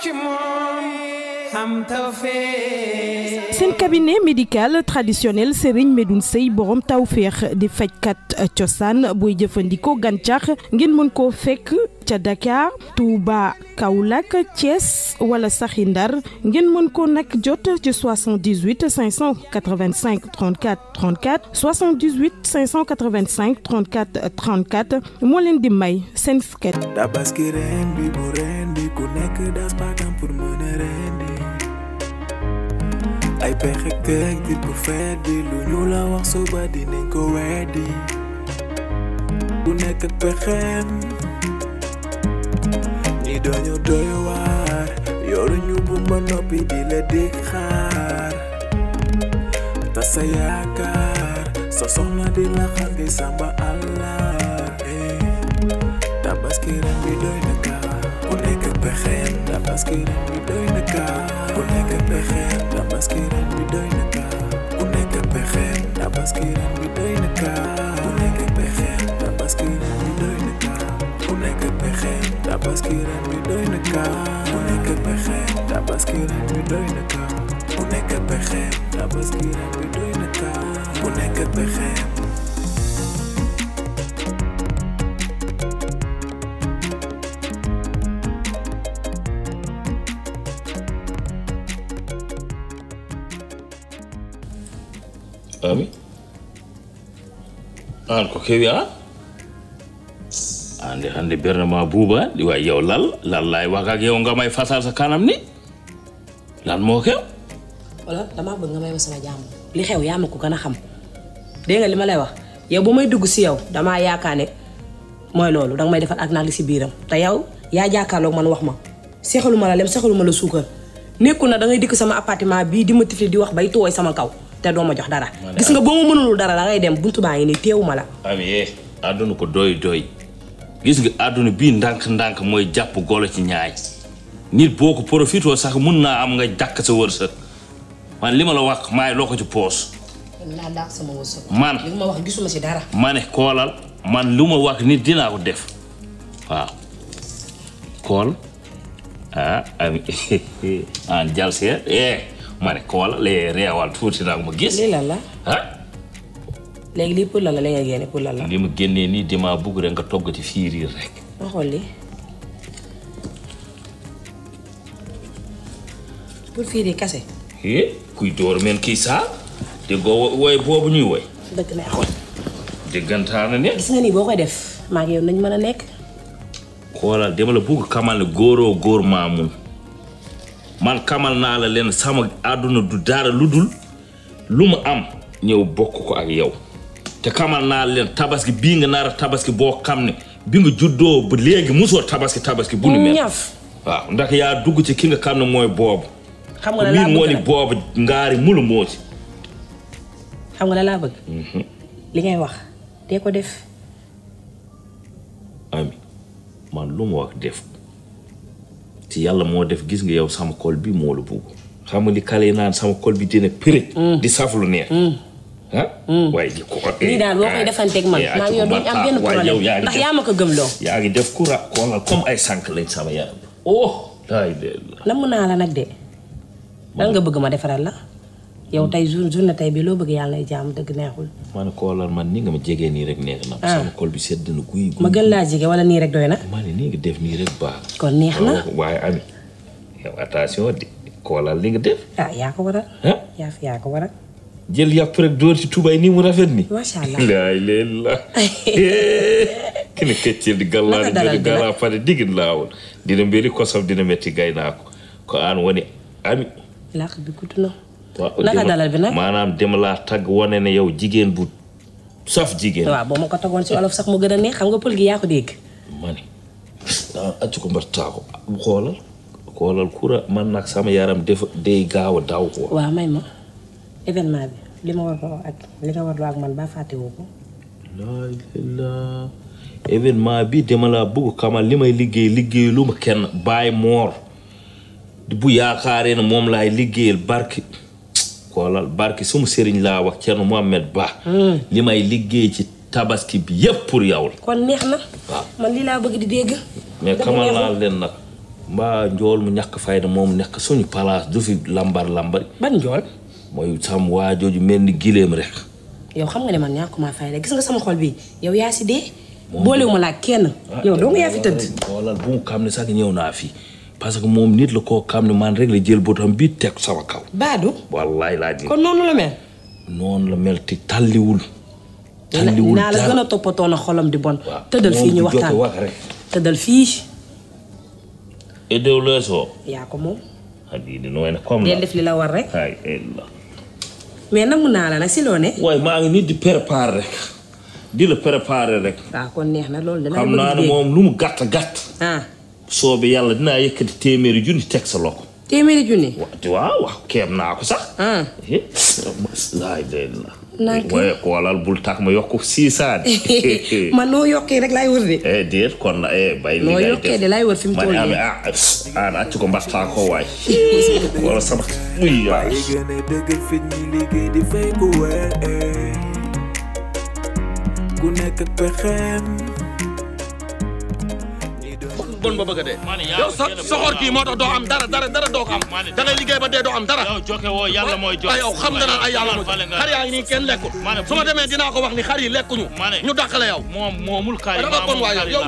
ótimo. seen cabinet médical traditionnel Serigne Medoun Sey borom tawféex di fajkat eh, cosaan booy jëfandikoo gàncax ngeen mën ko fekk ca Dakar Touba Kaolack Thiès wala Sakhindar Ndar ngeen mën ko nak jot ci 78 585 34 34 78 585 34 34 mo len di may seen sket. ren ren bi ku ren. ay pexe këy di bu feddi lu ñu la wax suba dinañ ko weddi ku nekk ak pexem ñi doñu doy waar yoru ñu bu ma noppi di la dig xaar ta sa yaakaar sa di la di samba allah eh, tak bi doy na kaa ku nekk ak pexem tabaski ren bi doy na ku nekk ak ami an ko kewi ala ande hande berne ma buuba ɗi wawi yew lal lalla e wakake yew ngama e fasasa kanam ni lanmo kew wala dama bëgg nga may ma sama jàmm li xew yaa ma ko gën a xam dégg nga ma lay wax bu may dugg si yow damaa yaakaar ne mooy loolu danga may defal ak naa li si biiram te yow yaa jàkkaarloog man wax ma sexalu ma la lem sexalu ma la suukar da ngay dikk sama appartement bii di ma tifli di wax bay tooy sama kau te do ma jox dara gis nga ah. bo mo mënulul dara la ngay dem buntu baangi ni nii teewuma la ami eh, àdduna ko doy doy gis nga àdduna bi ndank ndank moy japp golo ci ñaay nit boo profito sax mën na am nga jakk sa wërsëg man lima la wax maay loo ko ci poos man lima wax gisuma ci dara mané kolal man luma wax nit dina ko def wa kol ah ami an ah, jal eh mane ko wala le rewal tuutirago mo gis la ha leg li pour la la nga gene pour la la limu mu ni dima bugg rek nga toggati firi rek waxo li pour kasse eh kuy dor men sa de go way e bobu ñuy woy dëgg lay xool déggantaana ne gis nga ni boo def ma ngi yow nañ mëna nek nekk xoolal dama la bugg kamal goro gor man kamal naa la leen sama àdduna du dara lu dul lu mu am ñëw bokk ko ak yow te xamal naa leen tabaski bii nga nar a tabaski boo xam ne bi nga juddoo ba léegi musoo tabaski tabaski. bu nu mel waaw ndax yaa dugg ci ki nga xam ne mooy boobu. xam nga laa bëgg xam nga laa li ngay wax dee ko def. ami man lu mu wax def. ti yàlla moo def gis nga yow sama xol bi moo la bugg xam nga li naan sama xol bi dina péré. Mm. di saf lu neex. Mm. ah. Mm. waaye di ko. lii daal boo koy eh, defanteeg man. Eh, maa ngi yow duñ am benn problème ndax yaa ma ko gëmloo. yaa ngi def ku ra xoolal comme ay sànq lañ sama yaram. oh. lan mun naa la nag de. lan nga bëgg ma defaral la. yow tey jour journée tey bi loo bëgg yàlla nay jaam dëgg neexul. ma ne kóolal man ni nga ma jege nii rek neex na. Ah. bi sedd na guy. ma gën laa nii rek doy na. ma ne nii def nii rek baax. kon neex na oh, waaye Ami yow ah, yaa ko waral. yaa yaa ko waral. jël yàpp rek dóor ci tubaay nii mu rafet nii. macha allah laa ilaaha illallaah. kene keccir di gallaani joni kosam ndina metti gaynaako ko aan woni ami laka bi gudduno waaw naka dalal bi nag maanaam dem laa tagg wane ne yow jigéen bu saf jigéen. waaw boo ma ko taggoon ci olof sax mu gën a neex xam nga pël gi yaa ko dégg. ma ah, man nag sama yaram def day gaaw a daaw ko. waaw may ma événement bi li ma laa bëgg xamal li may liggéey liggéey lu ma kenn bàyyi moor bu yaakaaree na moom laay liggéeyal barki. kolal barki sumu sëriñ laa wax cerno mohammed Ba. li may liggéey ci tabaski bi yëpp pour yawul kon neex man lii laa bëgg di dégg. mais kamal la leen nag. mbaa njool mu ñàkk fayda moom nekk suñu place du fi lambar lambar. ban njool. mooy sam waa jooju mel ni gileem rek. yow xam nga ne man ñàkkuma fayda gis nga sama xol bi yow ya si dee. boolewuma kenn. yow do nga yaa fi tëdd. bu kam ne sax ñew na fi. parce que moom nit la koo xam ne man rek la jël bootam bi teg sama kaw. baadu. kon noonu la mel. noonu la mel te talliwul. talliwul la si loo maa ngi nit di préparer rek. di préparer rek. waaw kon neex na loolu dina la moom lu mu gàtt gàtt. Ah. soobee yàlla dinaa yëkkati téeméeri junni teg sa loxo. téeméeri junni. waaw waaw keem naa ko sax. ah. naa koy xoolal bul tax ma yokk siisaat. man noo yokkee rek laay wër de. eh déet kon eh bay li ngay def noo yokkee de laay wër fi mu toll ah, nii ah, ah naa ci ko mbattaa ko waay. wala sama muy waay. Eh. ku nekk pexeem. bon ba bëgg a dee. yow sa soxor kii moo tax doo am dara dara dara doo ko am. liggéey ba dee doo am dara. yow joxe woo yàlla mooy joxe. yow xam nga naan ay yàlla mooy xar yaa ngi nii kenn lekkul. su ma demee dinaa ko wax ni xar yi lekkuñu. ñu dàqale yow. moom moomul xar yi maa moom xar yi yow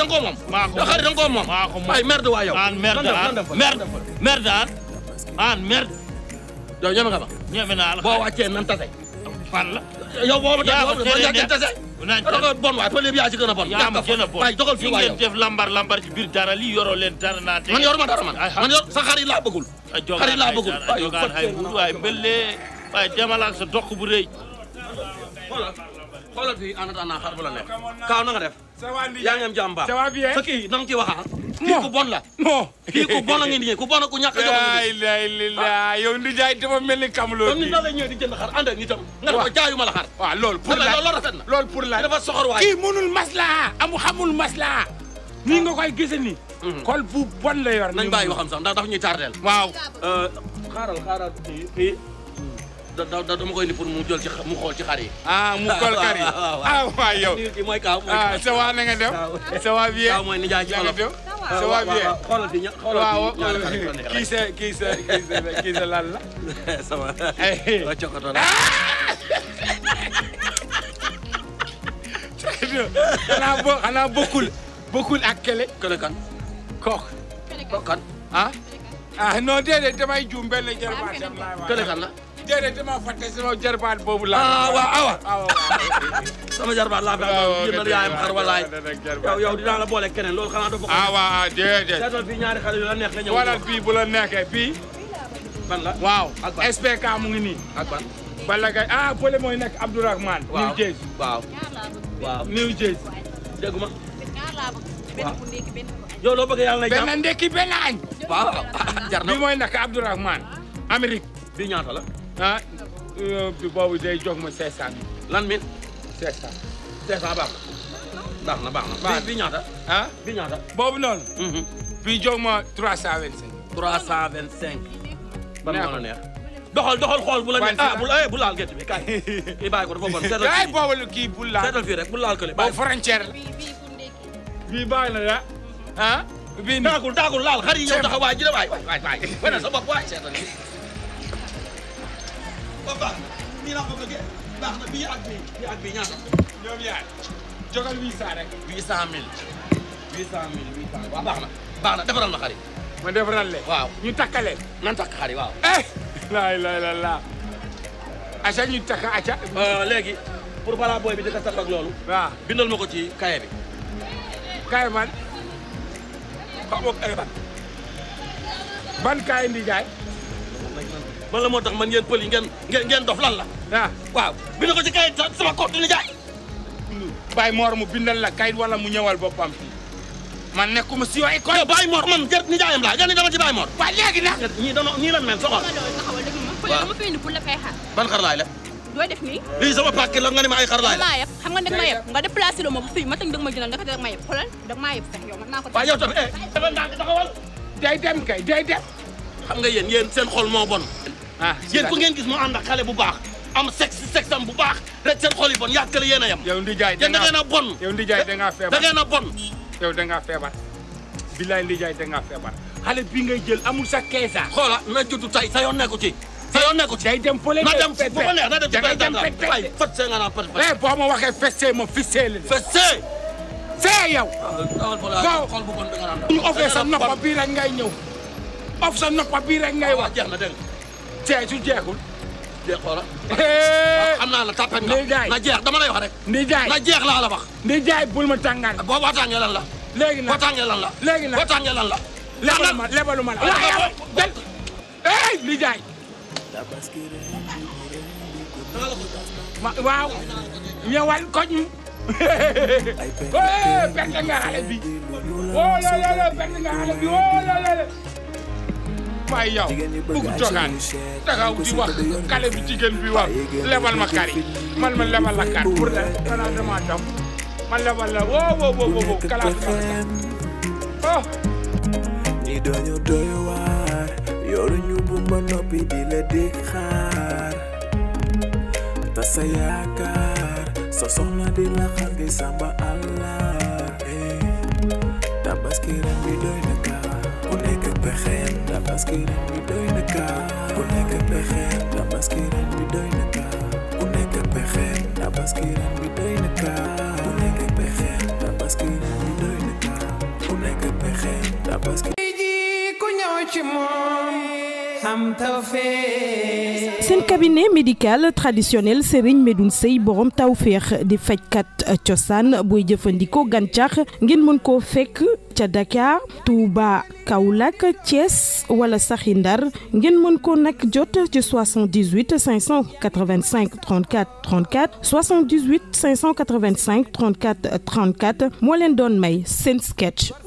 da koo moom. maa ko moom yow xar yi da nga koo moom. maa ko moom ay merde waay yow. an merde an an merde. yow ñeme nga ma. ñeme boo wàccee nan tase. la yow boobu da ngeen tase da bon waay pël yaa ci gën a bon yaa ma gën a bon waay dogal fii waay yow def lambar lambar ci biir dara lii yoroo leen dara naa man yoruma dara man sa xarit laa bëggul xarit laa bëggul waay jogaan hay wut waay mbëlle waay demal ak sa dokk yaa ngi am jàmbaar sa kii na nga ci wax ah. kii ku bon la. non kii ku bon la ngeen liggéey ku bon ku ñàkk a jox la ngeen yow Ndiaye dafa mel ni kam loolu. comme ni nan la ñëwee di jënd xar ànd ak nitam. nga ne ko jaayuma la xar. waaw loolu pour la loolu rafet na la dafa soxor waay. kii mënul maslaa amu xamul maslaa. nii nga koy gis nii. kol mm-hmm. la yor. nañ bàyyi waxam sax ndax dafa ñuy tardel. waaw euh, da da koy indi pour mu jël xool ci xar yi. Ah, mu xool xar yi ah waaw yow. kii ah, nga def. ça va bien Kaaw mooy sa kii sa kii sa lan la. Ah! ak kële. kële kan. kook. kook kan ah. ah non déedéet damay juum benn jarabaa jërëjëf dama fàtte sama jarbaat boobu laa. ah waaw ah, awa ah, sama jarbaat laa fekk jëndal yaayam xar walaay. yow yow dinaa la boole keneen loolu xanaa dafa. ah waaw ah, déedéet. seetal fii ñaari xale yu la neex nga ñëw. wala fii bu la neexee fii. ban la waaw. ak ban SPK mu ngi nii. ak ban. Balla Gaye ah bële mooy nekk Abdourahmane. waaw New Jersey. waaw waaw New Jersey. dégg ma. waaw. yow loo bëgg yàlla na jàmm benn ndekki benn añ. waaw jar na bi mooy nekk Abdourahmane Amérique. bi ñaata la. ah euh, boobu day jox ma 500 lan min 500 500 baax na baax na baax na bi ñaata ah bi ñaata boobu noonu bi mhm. jox ma 325 325 ban moo la neex doxal doxal xool bu la neex ah eh, bu laal gerte bi kaay kii bàyyi ko dafa bon kaay boobu kii bu laal seetal fii rek bu laal kële bàyyi frontière bii bàyyi na la ah bii daagul daagul laal xar yi yow taxaw waay ji la waay waay waay waay sa bopp waay seetal ba baax nii laa ko bëggee baax na bii ak bii bii ak na baax na defaral ma xari. ma defaral leen. waaw ñu takkalee. nan takk xari waaw. eh. la ñu takk aca. léegi pour balaa booy bi di ko takk ak loolu. waaw bindal ko ci kaye bi. kaye man ban kaye ndi man la moo tax man ngeen pël yi ngeen ngeen ngeen dof lan la. ah waaw a ko ci kayit sama kóor dina jaay. Baye Mor mu bindal la kayit wala mu ñëwal boppam fii man nekkuma si yooyu kon. Baye Mor man gerte ni jaayam laa ngeen dama ci Baye Mor. waaw léegi nag. ñii dañoo ñii lan mel soxor. waaw dama fi indi pour la kay xaar. ban xar laay la. doo def nii. lii sama pàcc la nga ne ma ay xar laay la. xam nga da ma yeb nga déplacé loo ma fii ma tëj da ma jëlal naka da ma yeb ma yeb sax yow man naa ko. waaw eh, xam nga yéen yéen seen xol moo bon ah yéen ku ngeen gis mu ànd ak xale bu baax am sexe sexe bu baax rek seen xol yi bon yàgg la yéen a yem. yow Ndijaay eh, da ngeen a bon yow Ndijaay da ngaa a bon. yow da ngaa feebar bilaay Ndijaay da ngaa feebar xale bi ngay jël amul sa keesa. xoola na juddu tay sa yoon nekku ci. sa yoon nekku ci ay dem pële na dem bu ko neex na dem ci waay fëtse nga naan fëtse. eh boo ma waxee fëtse ma fëtse la. fëtse. see yow. Ah, bi nga naan. ñu offee sa noppa bii rek ngay ñëw. off sa noppa bii ngay ah, wax jeex na dégg seey su jeexul. jeex xoolal. Eh. xam naa la tàppat nga. na jeex dama lay wax rek. ndi jaay jeex laa la wax. ndi jaay bul ma tàngaat. boo boo tàngee lan la. léegi nag boo tàngee lan la. léegi nag boo tàngee lan la. lebalu ma lebalu ma la. ndi jaay. ma waaw. ñëwal koñ. perte nga xale bi. woo loo loo perte nga xale bi woo loo loo. waaye yow bugg dogaan taxaw di wax xale bi jigéen bi wax lebal ma kari man ma lebal la kar pour la xanaa kalau dam oh di pexeel tabaski ren bi doy na kaa ku nekk pexeel tabaski ren bi doy na kaa ku nekk pexeel tabaski ren bi doy na kaa ku nekk pexeel tabaski ren bi doy na kaa ku nekk pexeel tabaski ji ku ñëw ci moom am tawfeex seen cabinet médical traditionnel Serigne Medoun Sey borom tawfex di fajkat cosaan booy jëfandikoo gàncax ngeen mën ko fekk ca Dakar Touba Kaolack Thiès wala saxi Ndar ngeen mën ko nag jot ci 78 585 34 34 78 585 34 34 moo leen doon may seen sketch